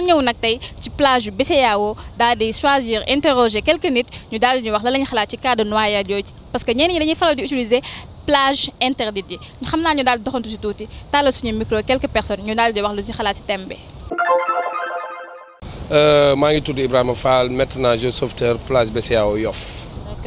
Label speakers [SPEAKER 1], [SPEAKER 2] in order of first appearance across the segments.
[SPEAKER 1] dañoo ñëw nag ci plage yu BCEAO daal di choisir interroger quelques nit ñu daal di ñu wax la lañu xalaat ci cas de noyade yo parce que ñenn ñi dañuy faral di utiliser plage interdite yi ñu xam ñu daal di doxantu ci touti tàllal suñu micro quelques personnes ñu daal di wax lu ci xalaat ci tembe
[SPEAKER 2] euh maa ngi tudd Ibrahima Fall maintenant je sauveteur plage BCEAO Yoff.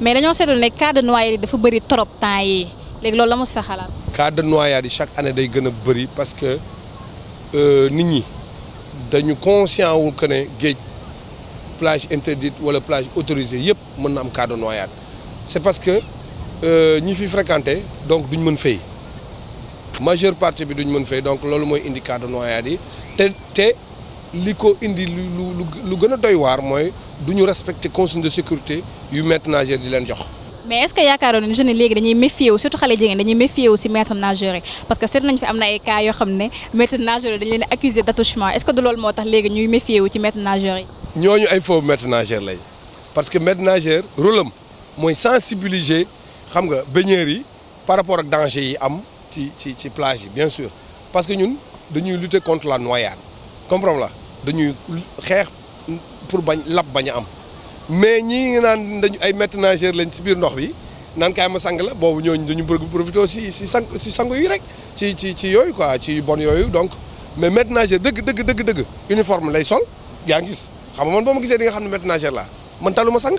[SPEAKER 1] mais dañoo seetlu ne cadre de noyade yi dafa bëri trop temps yi léegi loolu la mu sa xalaat.
[SPEAKER 2] Cadre de noyade chaque année day gën a bëri parce que euh, nit ñi dañu conscient wu que ne plage interdite wala plage autorisée yëpp mën na am cadre de noyade c'est parce que euh, ñi fi fréquenté donc duñ mën fay majeure partie bi duñ mën fay donc loolu mooy indi cadre de noyade yi te li ko indi lu lu lu gën a doy waar mooy du respecter consignes de sécurité yu maître nageur di leen jox.
[SPEAKER 1] mais est-ce que yaakaaroon ne jeunes léegi dañuy méfier wu surtout xale jigéen dañuy méfier wu ci maître nageur yi parce que seet nañ fi am na ay cas yoo xam ne maître nageur yi dañ leen accuser d'attouchement est-ce que du loolu moo tax léegi ñuy méfier wu ci maître nageur yi.
[SPEAKER 2] ñooñu ay faux maître nageur lay parce que maître nageur rôle am mooy sensibiliser xam nga baigneurs par rapport ak danger yi am ci ci ci plage yi bien sûr parce que ñun dañuy lutter contre la noyade comprends la dañuy xeex pour bañ lab bañ am mais ñii nga naan dañu ay maîtres nageurs lañ si biir ndox bi naan kaay ma sang la boobu ñooñu dañu bëgg profité si si sang si sangu yi rek ci ci ci yooyu quoi ci bon yooyu donc mais maître nageur dëgg dëgg dëgg dëgg uniforme lay sol yaa ngi gis xam nga man boo ma gisee di nga xam ne maître nageur laa man talu ma sang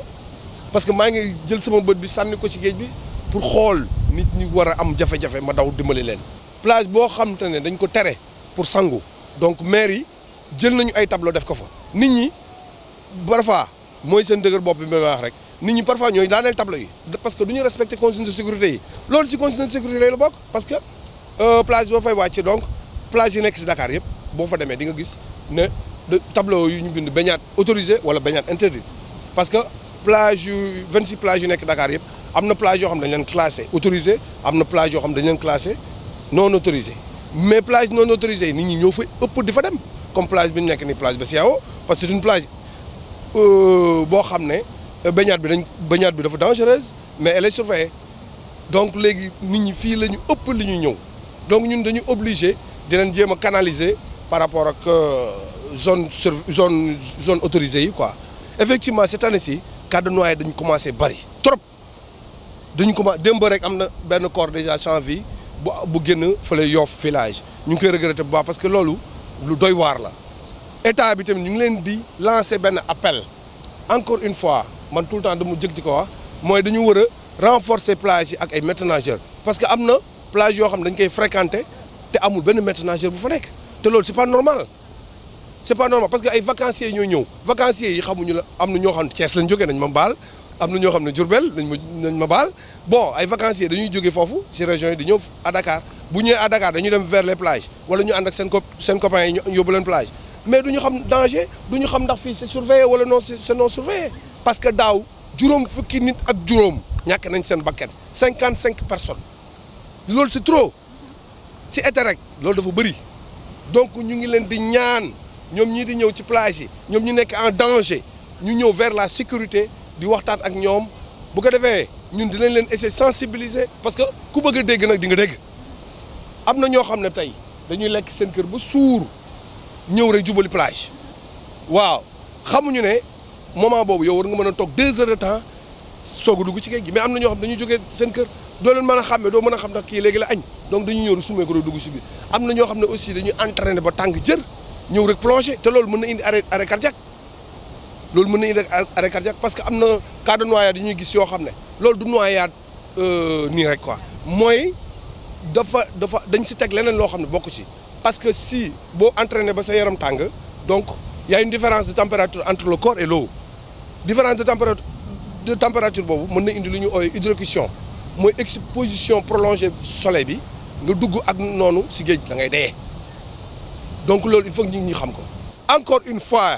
[SPEAKER 2] parce que maa ngi jël sama bët bi sànni ko ci géej bi pour xool nit ñi war a am jafe-jafe ma daw dimbali leen plage boo xam ne dañ ko tere pour sangu donc maire yi jël nañu ay tableau def ko fa nit ñi parfois moy seen dëgër bop bi may wax rek nit ñi parfois ñoy daaneel tableau yi parce que duñu respecter respecté consignes de sécurité yi loolu ci consignes de sécurité lay la bok parce que euh, plage boo fay wàcc donc plage yi nekk si Dakar yëpp boo fa demee di nga gis ne tableau yu ñu bind bañat autorisé wala baignade interdit parce que plage yu 26 plage yu nekk Dakar yëpp amna plage yo xam dañ leen classé autorisé amna plage yo xam dañ leen classé non autorisé mais plage non autorisé nit ñi ñoo fa ëpp di fa dem comme plage bi nek ni plage parce que c'est une plage euh bo xamné baignade bi dañ baignade bi dafa dangereuse mais elle est surveillée donc légui nit ñi fi lañu upp ñëw donc ñun dañu obligé di leen jéem canaliser par rapport ak euh, zone sur zone zone autorisée quoi effectivement cette année-ci cas de noyade dañu commencé bari trop dañu commencé démb rek amna ben corps déjà sans vie bu nous, génn yof Yoff village ñu ngi koy regretter parce que lolu lu doy war la état bi tam ñu ngi leen di lancer ben appel encore une fois man tout le temps dama jëg ci ko wax moy dañu war renforcer plage ak ay maîtres parce que amna plage yo xam dañ koy fréquenter té amul ben maître nageur bu fa nek té lool c'est pas normal c'est pas normal parce que ay vacanciers ñoo ñëw vacanciers yi xamuñu la am na xam Thiès lañ jógee nañ mom bal nous avons des le bon vacanciers dañuy région à Dakar nous à Dakar vers les plages wala ñu ànd ak copains yi plage mais nous danger nous xam c'est surveillé non c'est non surveillé parce que d'ao, juróom fukki nit ak juróom ñàkk nañ personnes c'est trop C'est été donc nous ngi leen di ñaan plage en danger ñu vers la sécurité di waxtaan ak ñoom bu ko defee ñun dinañ leen essayer sensibiliser parce que ku bëgg a dégg nag di nga dégg am na ñoo xam ne tey dañuy lekk seen kër ba suur ñëw rek jubali plage waaw xamuñu ne moment boobu yow war nga mën a toog deux heures de temps soog a dugg ci géej gi mais am na ñoo xam dañuy jógee seen kër doo leen mën a xam xàmme doo mën a xam ndax kii léegi la añ donc dañuy ñëw rek ko doo dugg si biir am na ñoo xam ne aussi dañuy entraîné ba tàng jër ñëw rek plongé te loolu mën na indi arrêt arrêt cardiaque loolu mën na indi arrêt cardiaque parce que amna cas de noyade ñuy gis yo xamné ne du noyade euh, ni rek quoi moy dafa dafa dañ ci tek leneen lo xamné bokku ci parce que si bo entraîné ba sa yaram tang donc y a une différence de température entre le corps et l'eau différence de température de température bobu mën na indi lu ñu ooy hydrocution moy exposition prolongée soleil bi nga dugg ak nonu si géej da ngay dee donc loolu il faut que ñi xam ko encore une fois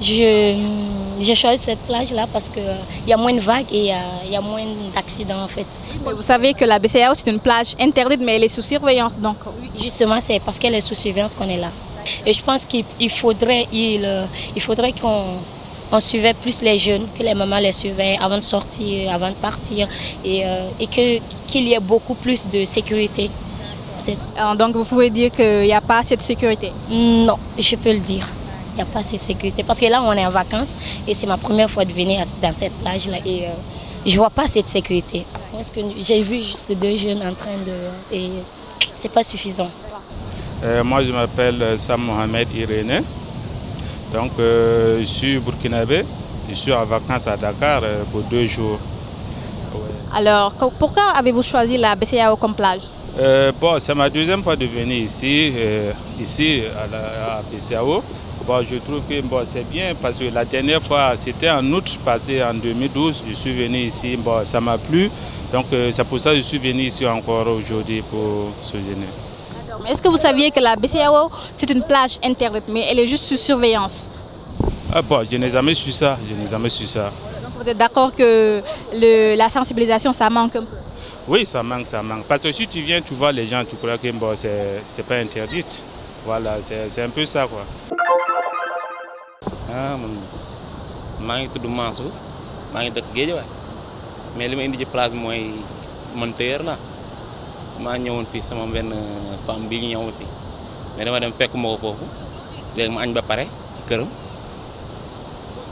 [SPEAKER 3] j'ai choisi cette plage-là parce qu'il euh, il y a moins de vagues et euh, il y, a moins d'accidents en fait. vous savez que la BCAO c'est une plage interdite mais elle est sous surveillance donc. Justement c'est parce qu'elle est sous surveillance qu'on est là. Et je pense qu'il faudrait, il, euh, il faudrait qu'on on suivait plus les jeunes, que les mamans les suivaient avant de sortir, avant de partir, et, et qu'il y ait beaucoup plus de sécurité. Donc vous pouvez dire qu'il n'y a pas assez de sécurité Non, je peux le dire n'y a pas cette sécurité. Parce que là, on est en vacances et c'est ma première fois de venir dans cette plage-là et euh, je vois pas assez de sécurité. J'ai vu juste deux jeunes en train de... et c'est pas suffisant.
[SPEAKER 4] Euh, moi, je m'appelle euh, Sam Mohamed Irénée. Donc, je suis burkinabé. Je suis en vacances à Dakar pour deux jours.
[SPEAKER 1] Alors, pourquoi avez-vous choisi la BCAO comme plage
[SPEAKER 4] bon, c'est ma deuxième fois de venir ici, ici à la BCAO je trouve que bon, c'est bien parce que la dernière fois, c'était en août, passé en 2012, je suis venu ici, bon, ça m'a plu. Donc euh, c'est pour ça que je suis venu ici encore aujourd'hui pour se
[SPEAKER 1] Est-ce que vous saviez que la BCAO, c'est une plage interdite, mais elle est juste sous surveillance
[SPEAKER 4] ah, Je n'ai jamais su ça, je n'ai jamais ça.
[SPEAKER 1] vous êtes d'accord que la sensibilisation, ça manque un peu
[SPEAKER 4] Oui, ça manque, ça manque. Parce que si tu viens, tu vois les gens, tu crois que bon, c'est pas interdite. Voilà, c'est un peu ça quoi.
[SPEAKER 5] ah man maa ngi tudd Mansour maa ngi dëkk Guédiawaye mais li ma indi ci place mooy man téer la maa ñëwoon fii sama benn femme bi ñu ñëwoon mais dama dem fekk ma ko foofu léegi ma añ ba pare ci këram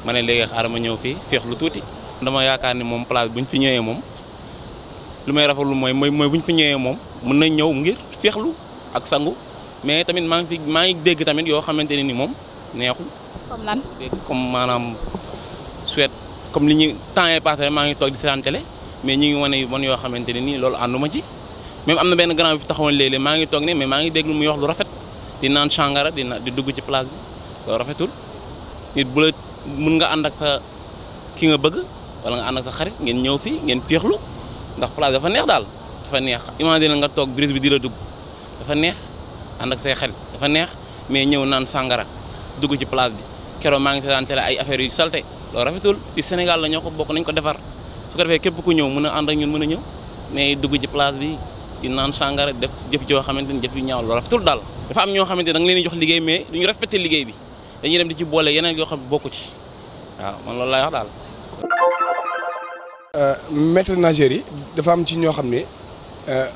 [SPEAKER 5] ma ne léegi xaaral ma ñëw fii féex lu tuuti. dama yaakaar ni moom place fi ñëwee moom lu may rafetlu mooy mooy mooy bu ñu fi ñëwee moom mën nañ ñëw ngir féexlu ak sangu mais tamit maa ngi fi maa ngi dégg tamit yoo xamante ni moom. neexul. comme comme maanaam suet comme li ñu temps yii passé maa ngi toog di seetaan télé mais ñu ngi wane yu yoo xamante ne nii loolu ànduma ci même am na benn grand bi fi taxawoon léeg-léeg maa ngi toog ne mais maa ngi déglu muy wax lu rafet di naan sàngara di di dugg ci place bi loolu rafetul nit bu mën nga ànd ak sa ki nga bëgg wala nga ànd xarit ngeen ñëw fii ngeen féexlu ndax place dafa neex daal dafa neex imagine nga toog brise bi di la dugg dafa neex ànd ak say xarit dafa neex mais ñëw naan sàngara dugg ci place bi keroog maa ngi seetaan télé ay affaires yu salté loolu rafetul di Sénégal la ñoo ko bokk nañ ko defar su ko defee képp ko ñëw mën a ànd ak ñun mën a ñëw mais dugg ci place bi di naan sàngara def jëf joo xamante ni jëf yu ñaaw loolu rafetul daal dafa am ñoo xamante ne da nga leen di jox liggéey mais duñu respecté liggéey bi dañuy dem di ci boole yeneen yoo xam bokku ci waaw man loolu laay wax daal
[SPEAKER 2] euh, maître nageur yi dafa am ci ñoo xam ne euh,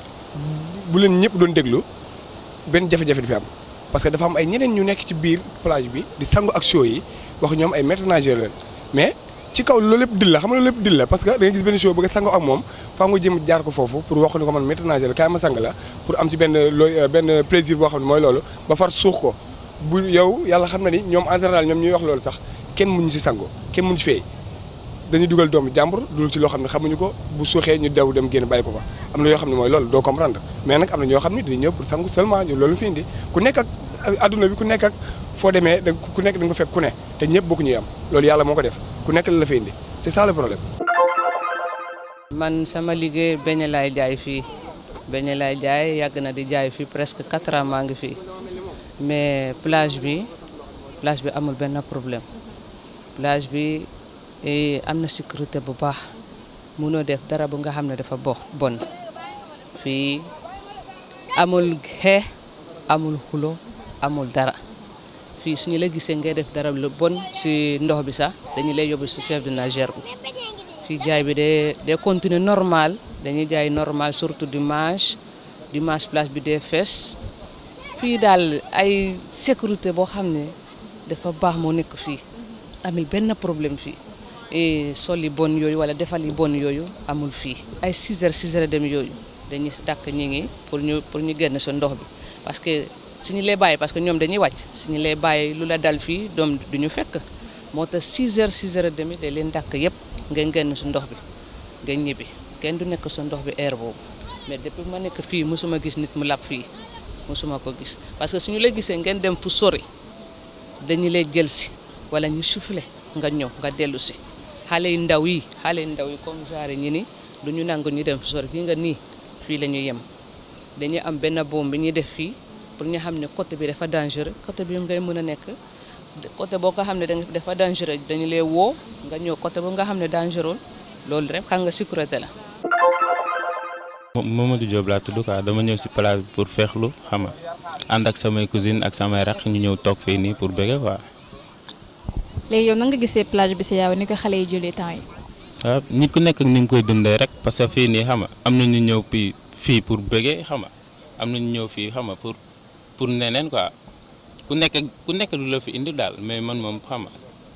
[SPEAKER 2] bu leen ñëpp doon déglu benn jafe-jafe am parce que dafa am ay ñeneen ñu nekk ci biir plage bi di sangu ak show yi wax ñom ay maître nageur leen mais ci kaw lolépp dil la xam nga lolépp dil la parce que da nga gis ben show bëgg sangu ak mom fa nga jëm jaar ko fofu pour wax ni ko man maître nageur kay ma sang la pour am ci ben euh, ben plaisir bo xamni moy lolu ba far suux ko bu yow yalla xam na ni ñom en général ñom ñuy wax lolu sax kenn mënuñu ci sangu kenn mënuñu fey dañu duggal doomu jambour dul ci lo xamni ne xamuñu ko bu suxé ñu daw dem génn bàyyi ko fa amna yo xamni moy lool do comprendre mais nak amna ño xamni dañu ñëw pour sangu seulement ñu loolu fi indi ku nekk ak adduna bi ku nekk ak foo demee da ku nekk da nga ko fekk ku ne te ñëpp bokku ñu yam loolu yàlla moo ko def ku nekk la la fa indi c'est ça le problème
[SPEAKER 6] man sama liggéey beñe laay jaay fii beñe laay jaay yàgg na di jaay fii presque quatre ans maa ngi fii mais plage bi plage bi amul benn problème plage bi eh, am na sécurité bu baax mu noo def dara bu nga xam ne dafa bo bon fii amul xeex amul xulo amul dara fii su ñu la gisee ngay def dara lu bon si ndox bi sax dañu lay yóbbu si chef de nageur bi fii jaay bi day day continuer normal dañuy jaay normal surtout dimanche dimanche place bi dee fees fii daal ay sécurité boo xam ne dafa baax moo nekk fii amul benn problème fii e sol yi bon yooyu wala defal yi bon yooyu amul fii ay 6 heures dem yooyu dañuy tàkk ñi ngi pour ñu pour ñu génn sa ndox bi parce suñu lay bàyyi parce que ñoom dañuy wàcc suñu lay bàyyi lu la dal fii doom du ñu fekk moo tax 6 heures 6 heures demi de leen dàkk yëpp ngeen génn su ndox bi nga ñibbi kenn du nekk su ndox bi air boobu mais depuis ma nekk fii mosuma gis nit mu lab fii mosuma ko gis parce que suñu la gisee ngeen dem fu sori dañu lay jël si wala ñu soufflé nga ñëw nga dellu si xale yu ndaw yi xale yu ndaw yi comme genre ñi ni du ñu nangu ñu dem fu sori fii nga nii fii la ñu yem dañuy am benn boom bi ñuy def fii. pour ñu xam ne côté bi dafa dangereux côté bi ngay mën a nekk côté boo ko xam ne dafa dangereux dañu lay woo nga ñëw côté bu nga xam ne dangereux loolu rek xam nga sécurité la.
[SPEAKER 4] Mamadou Diop laa tudd quoi dama ñëw si plage pour feexlu xam nga ànd ak samay cousine ak samay raq ñu ñëw toog fii nii pour bëgg quoi.
[SPEAKER 1] léegi yow nan nga gisee plage bi si yow ni ko xale yi jëlee temps yi.
[SPEAKER 4] waaw ah, nit ku nekk ni nga koy dundee rek parce fii nii xam am na ñu ñëw fii fii pour bëggee xam am na ñu ñëw fii xam nga pour. pour neneen quoi ku nekk ku nekk lu la fi indi daal mais man moom xam nga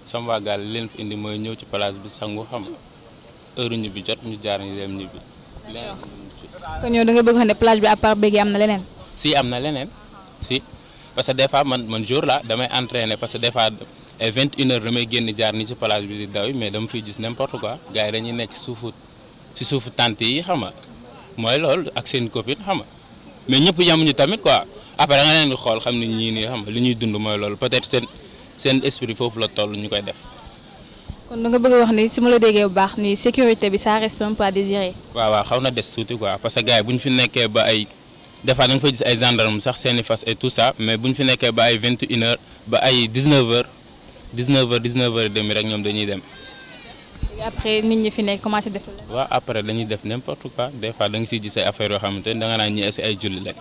[SPEAKER 4] sama waa gaal leen fi indi mooy ñëw ci place bi sangu xam nga heure bi jot ñu jaar ñu dem ñibbi.
[SPEAKER 1] kon yow da nga bëgg xam ne plage bi à part béykat am na
[SPEAKER 4] si am na leneen si parce que des fois man man jour la damay entraîner parce que des fois ay vingt damay génn jaar ni ci plage bi di daw mais dama fiy gis n'importe quoi gars yi dañuy nekk suufu ci suufu tente yi xam nga mooy loolu ak seen copine xam mais ñëpp yamuñu tamit quoi. après da nga leen di xool xam ne ñii nii xam nga li ñuy dund mooy loolu peut-être seen seen esprit foofu la toll ñu koy def.
[SPEAKER 1] kon da nga bëgg wax ni su ma la déggee bu baax ni sécurité bi sa reste un peu à
[SPEAKER 7] désirer.
[SPEAKER 4] waaw waaw xaw que bu ñu fi nekkee ba ay des fois da nga fa gis ay gendarme sax seen i fas et tout ça mais ñu fi nekkee ba ay vingt et une heures ba ay dix neuf heures dix neuf heures dix rek ñoom dañuy dem.
[SPEAKER 1] après fi nekk commencé def.
[SPEAKER 4] waaw après dañuy def n'importe quoi des fois da nga siy yoo xamante ne da nga naan ñii si ay julli lañ.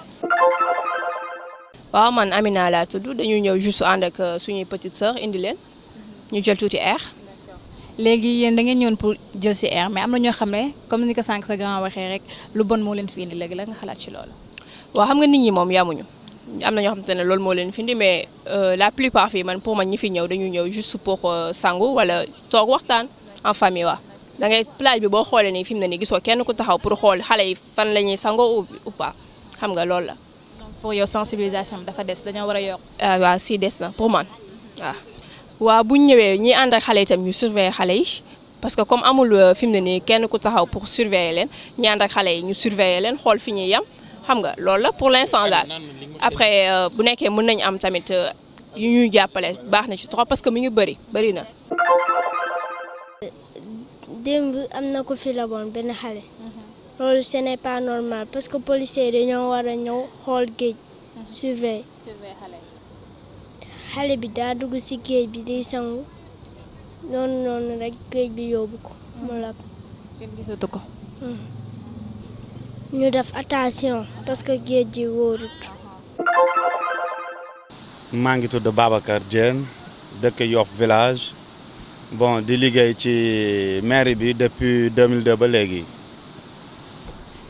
[SPEAKER 1] waaw man Amina laa tudd dañu ñëw juste ànd ak euh, suñuy petite sœur indi leen ñu jël tuuti air. léegi yéen da ngeen ñëwoon pour jël si air mais am na ñoo xam ne comme ni ko sànq sa grand waxee rek lu bon moo leen fi indi léegi la nga xalaat ci loolu. waaw xam nga nit ñi moom yamuñu am na ñoo xamante ne loolu moo leen fi indi mais euh, la plupart fii man pour man ñi fi ñëw dañu ñëw juste pour euh, sangu wala toog waxtaan en famille waaw. da ngay plage bi boo xoolee nii fi mu ne nii gisoo kenn ku taxaw pour xool xale yi fan la ñuy sangoo ou pas xam nga loolu la pour yow sensibilisation bi dafa des dañoo war a yokk. Ah, waaw si des na pour man Wa waaw bu ñu ñëwee ñi ànd ak xale itam ñu surveiller xale yi parce que comme amul euh, fi mu ne nii kenn ku taxaw pour surveiller leen ñi ànd ak xale yi ñu surveiller leen xool fi ñuy yem xam nga loolu la pour l'instant après euh, bu nekkee mën nañ am tamit euh, yu ñuy jàppale baax na ci trop parce que mu ngi bëri
[SPEAKER 7] bëri na.
[SPEAKER 3] démb am na ko fi laboon benn xale. loolu ce n'est pas normal parce que policiers dañoo war a ñëw xool géej mhm. surveille xale bi daa dugg ci géej bi di sangu noonu noonu rek géej bi yóbbu ko mu mhm. lab kenn gisatu ko mhm. ñu def attention parce que géej ji wóorut
[SPEAKER 8] maa ngi tudd Babacar Diène dëkk Yoff village bon di liggéey ci mairie bi depuis 2002 ba léegi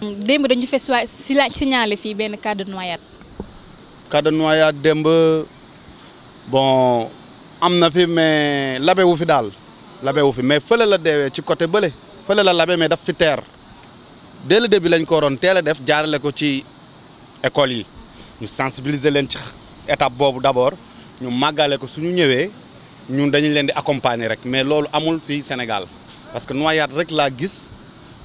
[SPEAKER 1] démb dañu fee si la signalé fi ben cas de noyade.
[SPEAKER 8] cas de noyade démb bon amna fi mais labe wu fi dal. labe wu fi mais fële la deewee ci côté beulé. fële la labe mais daf fi terre. dès le début lañ ko ron teel a def jaarale ko ci école yi ñu sensibiliser len ci étape bobu d'abord ñu magalé ko suñu ñëwé ñun dañu leen di accompagner rek mais lolu amul fi Sénégal parce que noyade rek la gis.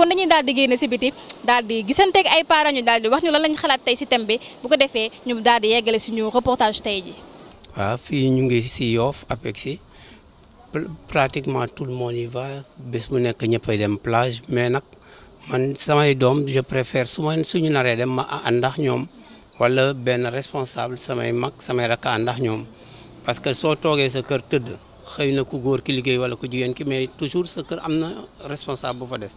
[SPEAKER 1] kon dañuy dal di génn ci biti dal di ak ay parents ñu dal di wax ñu lan lañ xalaat tay ci thème bi bu ko defee ñu dal di yeggale suñu reportage tay ji
[SPEAKER 5] wa fi ñu ngi ci yof yoof ci pratiquement tout le monde y va bes bu nek ñëppay dem plage mais nak man samay dom je préfère suma suñu naré dem ma andax ñom wala ben responsable samay mak samay rak andax ñom parce que so togué sa kër teud xeyna ku góor ki liggéey wala ku jigen ki mais toujours sa kër amna responsable bu fa dess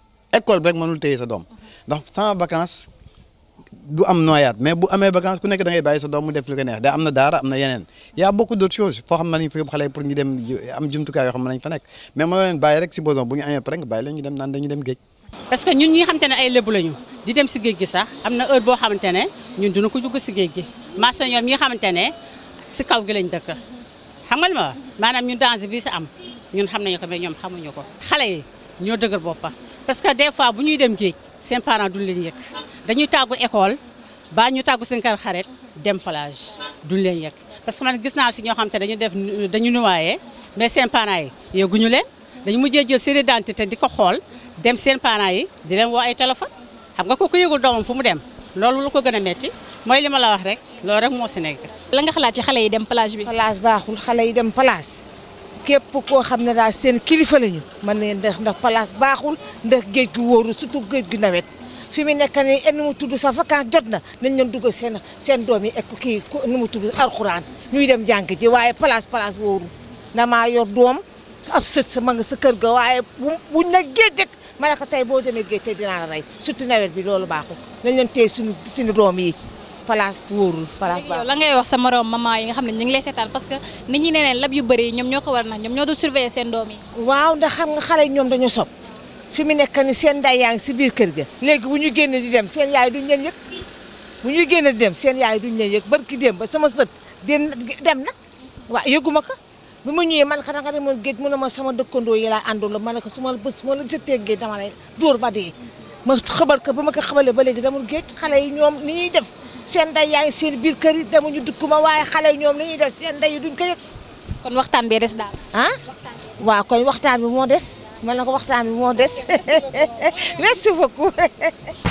[SPEAKER 8] école bi rek mënul téye sa doom ndax sans vacance du am noyaat mais bu amee vacance ku nekk da ngay bàyyi sa doom mu def lu ko neex da am na daara am na yeneen y a beaucoup d'autres choses foo xam ne nañ fa yóbbu xale pour ñu dem am jumtukaay yoo xam ne nañ fa nekk mais mënoo leen bàyyi rek si boson bu ñu amee pare nga bàyyi leen ñu dem naan dañu
[SPEAKER 7] parce que ñun ñi xamante ne ay lébu lañu di dem si géej gi sax am na heure boo xamante ne ñun duñu ko jugg si géej gi marché xamante ne si kaw gi lañ dëkk xam nga li maanaam ñun danger bi si am ñun xam nañu ko mais ñoom xamuñu ko xale yi ñoo dëgër boppa parce que des fois bu ñuy dem géej seen parents duñ leen yëg dañuy tàggu école baa ñu tàggu seen kër xarit dem plage duñ leen yëg parce que man gis naa si ñoo xam te dañu def dañu noyé mais seen parents yi yëguñu leen dañu mujjee jël seen identité di ko xool dem seen parents yi di leen woo ay téléphone xam nga ko kooku yëgul doomam fu mu dem loolu lu ko gën a metti mooy li ma la wax rek loolu rek moo si nekk. la nga xalaat ci xale yi dem plage bi. plage baaxul xale yi dem plage. képp koo xam ne daal seen kilifa ñu mën nañu def ndax place baaxul ndax géej gi wóorul surtout géej gi nawet fi mu nekk nii en mu tudd sa vacance jot na nañ leen dugal seen seen doom yi ek kii nu mu tudd alxuraan ñuy dem jàng ji waaye place place wóorul damaa yor doom ab sët sa ma nga sa kër ga waaye buñ na géej ma ne ko tey boo demee géej tey dinaa la rey surtout nawet bi loolu baaxul nañ leen téye suñu suñu doom yi place pour place ba la ngay
[SPEAKER 1] wax sa morom mama yi nga xamne ne ñu ngi lay sétal parce que nit ñi neneen lab yu bari ñom ñoko war na ñom ñoo do surveiller sen
[SPEAKER 7] doomi waaw ndax xam nga xalé ñom dañu sop fi mi nek ni sen day yaang ci biir kër ga légui bu ñu génné di dem sen yaay duñ leen yek bu ñu génné di dem sen yaay duñ leen yek barki dem ba sama seut den dem nak wa yeguma ko bi mu ñëwee man xana nga dem geej mu ne ma sama dekkondo yi laa àndoon la ma ne ko suma bëss mo la jëttee geej dama lay door ba dee ma xabar ko bama ko xabalé ba légui dama geej xalé yi ñom ni ñuy def seen ndey yaa ngi seen biir kër ñu demuñu ma waaye xale yi ñoom li ñuy def seen ndey yi duñ ko yëg. kon waxtaan bee des daal. ah waaw kon waxtaan bi moo des mën na ko waxtaan bi moo des merci beaucoup.